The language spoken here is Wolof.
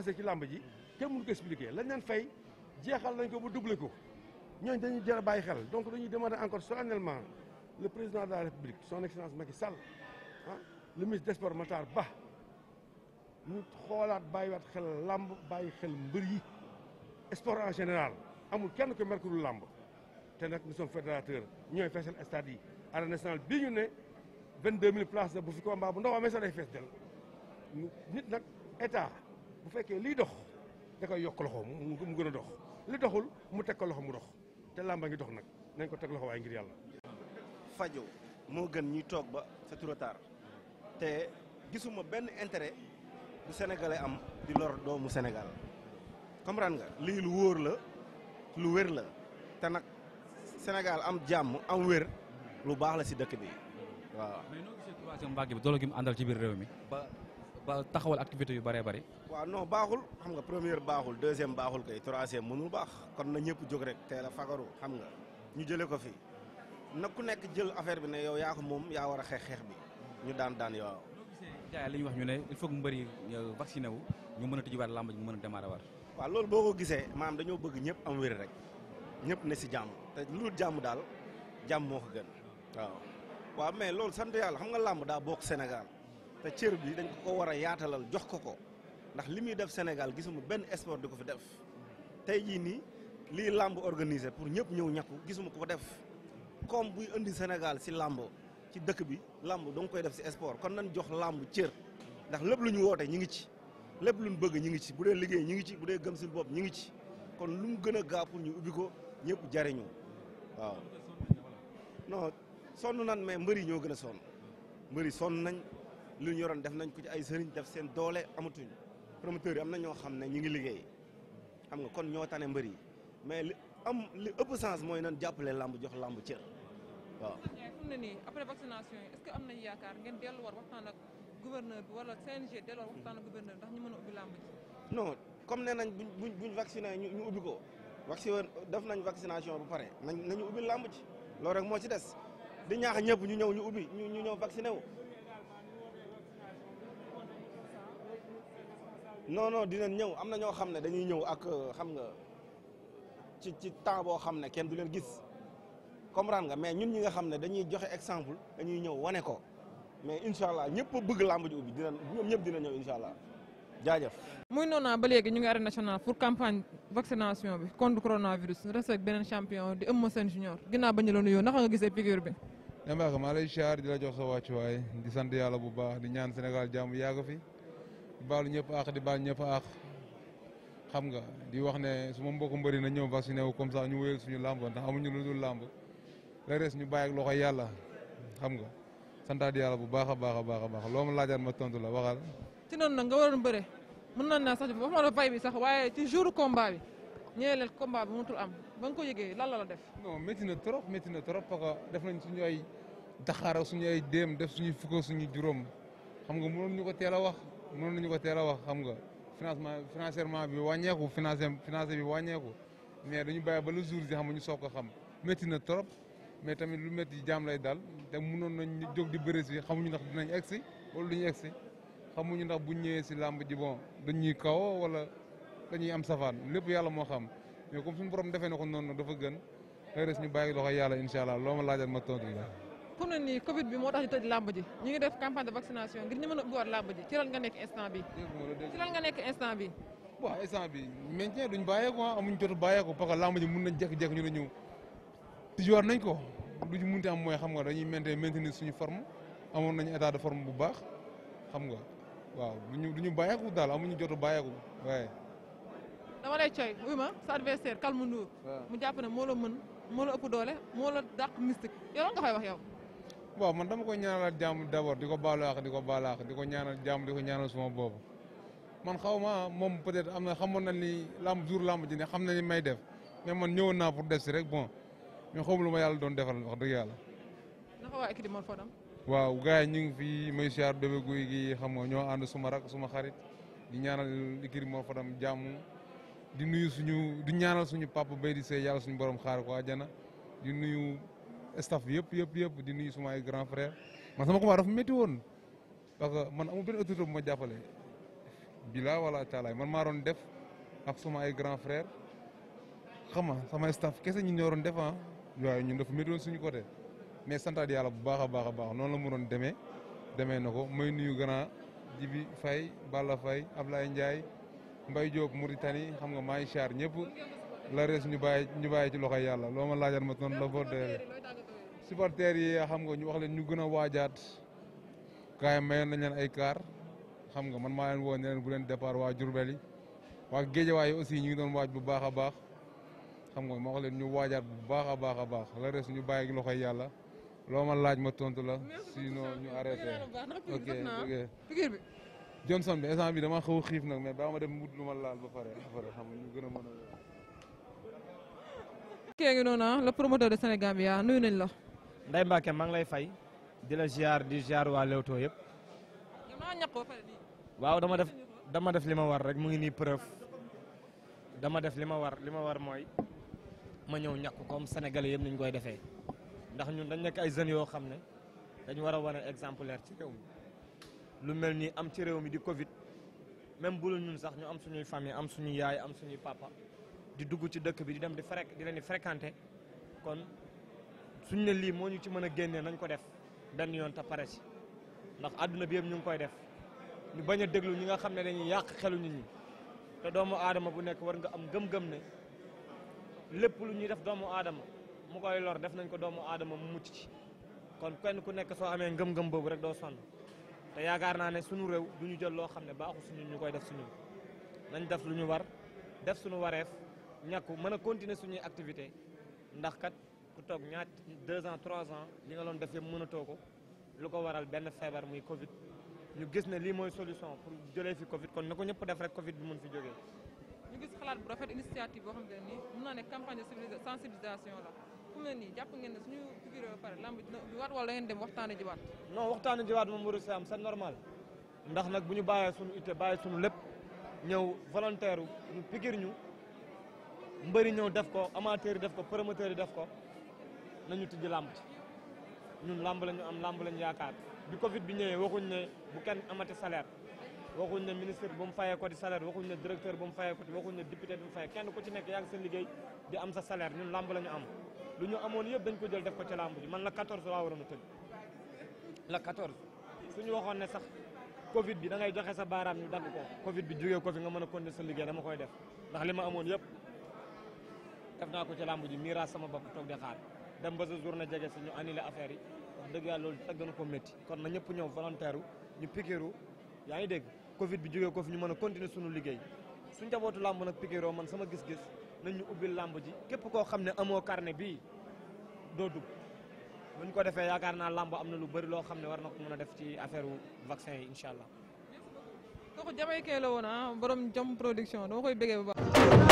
dépensé ci làmb ji kenn mënu ko expliqué lañ leen fay jeexal nañ ko ba doublé ko ñooñu dañuy jar a bàyyi xel donc dañuy demander encore solennellement le président de la république son excellence Macky Sall ah le ministre des sports Matar Ba ñu xoolaat bàyyi bàyyiwaat xel làmb bàyyi xel mbër yi sport en général amul kenn ko merkuru làmb te nag nous sommes fédérateurs ñooy feesal stade yi arène nationale bii ñu ne vingt deux mille places la bu fi combat bu ndaw amee sax day fees del nit nag état bu fekkee liy dox da koy yokk loxo mu gën a dox li doxul mu teg ko loxo mu dox te làmba ngi dox nag nañ ko teg loxo waaye ngir yàlla. fajo moo gën ñi toog ba c'est trop te gisuma benn intérêt bu sénégalais am di lor doomu Sénégal comprendre nga lii lu wóor la lu wér la te nag senegal am jàmm am wér lu baax la si dëkk bi waaw. mais noo bi doole gi àndal ci biir réew mi ba taxawal activité yu bëree bëri. waaw noo baaxul xam nga première baaxul deuxième baaxul kay troisième mënul baax kon na ñëpp jóg rek teel la fagaru xam nga ñu jëlee ko fi na ku nekk jël affaire bi ne yow yaa moom yaa war a xeex xeex bi ñu daan daan yow. gaa yi li ñu wax ñu ne il faut mbëri mu bëri wu ñu mën a tijjiwaat làmb ji mu mën a démarrer war waa loolu boo ko gisee maam dañoo bëgg ñëpp am wér rek ñëpp ne si jàmm te lu jàmm daal jàmm moo ko gën waaw waaw mais loolu sant yàlla xam nga làmb daa bokk Sénégal te cër bi dañ ko ko war a yaatalal jox ko ko ndax li muy def Sénégal gisuma benn sport di ko fi def tey jii nii lii làmb organisé pour ñëpp ñëw ñàkku gisuma ko ko def comme buy indi Sénégal si làmb ci dëkk bi làmb danga koy def si sport kon nañ jox làmb cër ndax lépp lu ñu woote ñu ngi ci lépp lu bëgg ñu ngi ci bu dee liggéey ñu ngi ci bu dee gëm suñu bopp ñu ngi ci kon lu mu gën a gaaw pour ñu ubbi ko ñëpp jariñu waaw non sonn nañ mais mbër yi ñoo gën a sonn lu ñoroon def nañ ko ci ay sëriñ def seen doole amatuñ promoteur yi am na ñoo xam ne ñu ngi liggéey xam nga kon ñoo tane mbër yi mais li am li ëpp sens mooy nan jàppale làmb jox làmb cër waaw. fu mu ne nii après vaccination yi est-ce que am nañu yaakaar ngeen bi wala CNG delluwaat waxtaan comme nee nañ buñ buñ buñ vacciné ñu ñu ubbi ko. vacciné def nañ vaccination bu pare nañ nañu ubbi làmb ji loolu rek moo ci des di ñaax ñëpp ñu ñëw ñu ubbi ñu ñu ñëw vacciné wu. non non dinañ ñëw am na ñoo xam ne dañuy ñëw ak euh, xam nga ci ci temps boo xam ne kenn du leen gis comprendre nga mais ñun ñi nga xam ne dañuy joxe exemple dañuy ñëw wane ko mais incha allah ñëpp bëgg làmb ji ubbi dinañ ñoom ñëpp dina ñëw incha allah jaajëf. muy noonu ah, ba léegi ñu ngi arène nationale pour campagne vaccination bi contre coronavirus reste ak beneen champion di Eumeu Sène junior ginnaaw ba ñu la nuyoo naka nga gisee figure bi. yaa ngi maa lay siyaar di la jox sa di sant yàlla bu baax di ñaan Sénégal jàmm yàgg fi. baalu ñëpp àq di baal ñëpp àq xam nga di wax ne su ma mbokku mbëri na ñëw vacciné wu comme ça ñu wéyal suñu làmb ndax amuñu lu dul làmb la res ñu bàyyi ak loxo yàlla xam nga santaat yàlla bu baax a baax a baax a baax loo ma laajaat ma tontu la waxal. ci noonu nag nga waroon bëre mën naa naa sax di wax ma la fay bi sax waaye ci jour combat bi ñëwee leen combat am ba ko yëgee lan la la def. non métti na trop métti na trop parce que def nañ suñu ay daxaar suñu ay déem def suñu fukk suñu juróom xam a wax mënoon nañu ko teel a wax xam nga financement financièrement bi wàññeeku financé financé bi wàññeeku mais dañu bàyyi ba le jour bi xam ñu soog xam métti na trop mais tamit lu métti jaam lay dal te mënoon nañ jóg di bëri si xamuñu ndax dinañ egg si wala duñu egg si xamuñu ndax buñ ñëwee si làmb ji bon dañuy kaw wala dañuy am safaan lépp yàlla moo xam mais comme suñu borom defee na ko noonu dafa gën xëy na ñu bàyyi loxo yàlla incha allah loo ma laajal ma tontu la fu mu ne ni Covid bi moo tax ñu tëj làmb ñu ngi def campagne de vaccination ngir ñu mën a ubbiwaat làmb ci lan nga nekk instant bi ci lan nga nekk instant bi waaw instant bi maintien duñ bàyyeeku ah amuñ jot bàyyeeku parce que làmb ji mun nañ jekk ñu ne ñëw nañ ko lu ñu munti am mooy xam nga dañuy maintenir maintenir suñu forme amoon nañu état de forme bu baax xam nga waaw duñu duñu bàyyeeku daal amuñu jot bàyyeeku waaye dama lay coy uy ma sa adversaire Kalmu Ndour mu jàpp ne moo la mën moo la doole moo la dàq mystique yow nga koy wax yow waaw man dama ko ñaanal jàmm d'abord di ko baalu àq di ko ko ñaanal jàmm di ko ñaanal suma boobu man xaw ma moom peut-être am na xamoon na ni lamb jour lamb ji ne xam na ni may def mais man ñëwoon naa pour def si rek bon mais xaw ma lu ma yàlla doon defal wax dëgg yàlla. naka waa équipe Mor Fadam. waaw gars ñu ngi fi may siyaar Bébé Gouy xam nga ñoo ànd suma rak suma xarit di ñaanal équipe Mor Fadam jàmm di nuyu suñu di ñaanal suñu papa Baye di Seye yàlla suñu borom xaar ko àjjana di nuyu. staff yëpp yëpp yëpp di nuyu suma ay grand frère man sama combat dafa métti woon parce que man amul benn autorité bu ma jàppale bila wala taalaay man maa doon def ak suma ay grand frère xam nga sama staff kese ñun ñoo doon def ah waaye ñun dafa métti woon suñu côté mais santaat yàlla bu baax a baax a baax noonu la mu doon demee demee na ko may nuyu grand Jibi Faye Balla Faye Ablaye Ndiaye Mbaye Diop Mauritanie xam nga maay char ñëpp la res ñu bàyyi ñu bàyyi ci loxoy yàlla loo ma laajal ma noonu la supporters yi xam nga ñu wax leen ñu gën a waajaat gars yi mayoon nañ leen ay kaar xam nga man maa leen woo ne bu leen départ waa Diourbel yi waa Géejawaay aussi ñu ngi doon waaj bu baax a baax xam nga ma wax leen ñu waajaat bu baax a baax a baax la res ñu bàyyi loxo yàlla loo ma laaj ma tontu la sinon ñu arrêté ok ok Johnson bi instant bi dama xaw a xiif nag mais baa ma dem wut lu ma laal ba pare après xam nga ñu gën a mën a. kii ngi noonu ah, le promoteur de Sénégambia nuyu la. Ndeye Mbacke maa ngi lay fay di la ziar di ziar waa Leewtoo yëpp. waaw dama def dama def li ma war rek mu ngi nii preuve dama def li ma war li ma war mooy ma ñëw ñàkk comme sénégalais yëpp ni ñu koy defee ndax ñun dañ nekk ay jeunes yoo xam ne dañu war a wane exemplaire ci réew mi lu mel nii am ci réew mi di Covid même bu ñun sax ñu am suñuy famille am suñuy yaay am suñuy papa di dugg ci dëkk bi di dem di fréq kon. suñ ne lii moo ñu ci mën a génnee nañ ko def benn yoon te pare si ndax àdduna bi yëpp ñu ngi koy def ñu bañ a déglu ñi nga xam ne dañuy yàq xelu ñu ñu te doomu aadama bu nekk war nga am gëm-gëm ne lépp lu ñuy def doomu aadama mu koy lor def nañ ko doomu aadama mu mucc ci kon kenn ku nekk soo amee ngëm-ngëm boobu rek doo sonn te yaakaar naa ne suñu réew du ñu jël loo xam ne baaxul suñu ñu koy def suñu nañ def lu ñu war def suñu wareef ñàkku mën a continuer suñuy activité ndax kat ku toog ñaat deux ans trois ans li nga loon def yëpp mënatoo ko lu ko waral benn feebar muy Covid ñu gis ne lii mooy solution pour jëlee fi Covid kon na ko ñëpp def rek Covid bi mun fi jógee. ñu gis xalaat bu rafet initiative boo xam ne nii mun naa ne campagne de sensibilisation la fu mu nii jàpp ngeen ne suñu figuré ba pare lamb dina ubbi waat wala da ngeen dem waxtaanee jiwaat. non waxtaanee jiwaat moom waru si am c'est normal ndax nag bu ñu bàyyee suñu ite bàyyi suñu lépp ñëw volontaire ñu pikir ñu mbëri ñëw def ko amateur yi def ko promoteur yi def ko. nañu tijji làmb ñun làmb ñu am làmb lañu yaakaar bi Covid bi ñëwee waxuñ ne bu kenn amati salaire waxuñ ne ministre bu mu fayee ko di salaire waxuñ ne directeur bu mu fayee ko di waxuñ ne député bu mu fayee kenn ku ci nekk yaa ngi sa liggéey di am sa salaire ñun làmb lañu am. lu ñu amoon yëpp dañ ko jël def ko ci làmb ji man la 14 laa waroon a tëj la 14 suñu waxoon ne sax Covid bi da ngay joxe sa baaraam ñu dagg ko Covid bi jógee ko fi nga mën a continuer sa liggéey dama koy def ndax li ma amoon yëpp def naa ko ci ji miiras sama bopp toog di dem ba sa journée jege si ñu annulé affaire yi wax dëgg yàlla loolu ak dana ko métti kon na ñëpp ñëw volontaire ñu piqûre yaa ngi dégg covid bi jógee ko fi ñu mën a continuer suñu liggéey su njabootu làmb nag piqûre man sama gis-gis nañ ñu ubbil làmb ji képp koo xam ne amoo carnet bii doo dugg buñ ko defee yaakaar naa làmb am na lu bëri loo xam ne war na ko mën a def ci affaire vaccin yi incha allah kooku jamaykee la woon ah borom jam production dama koy bëggee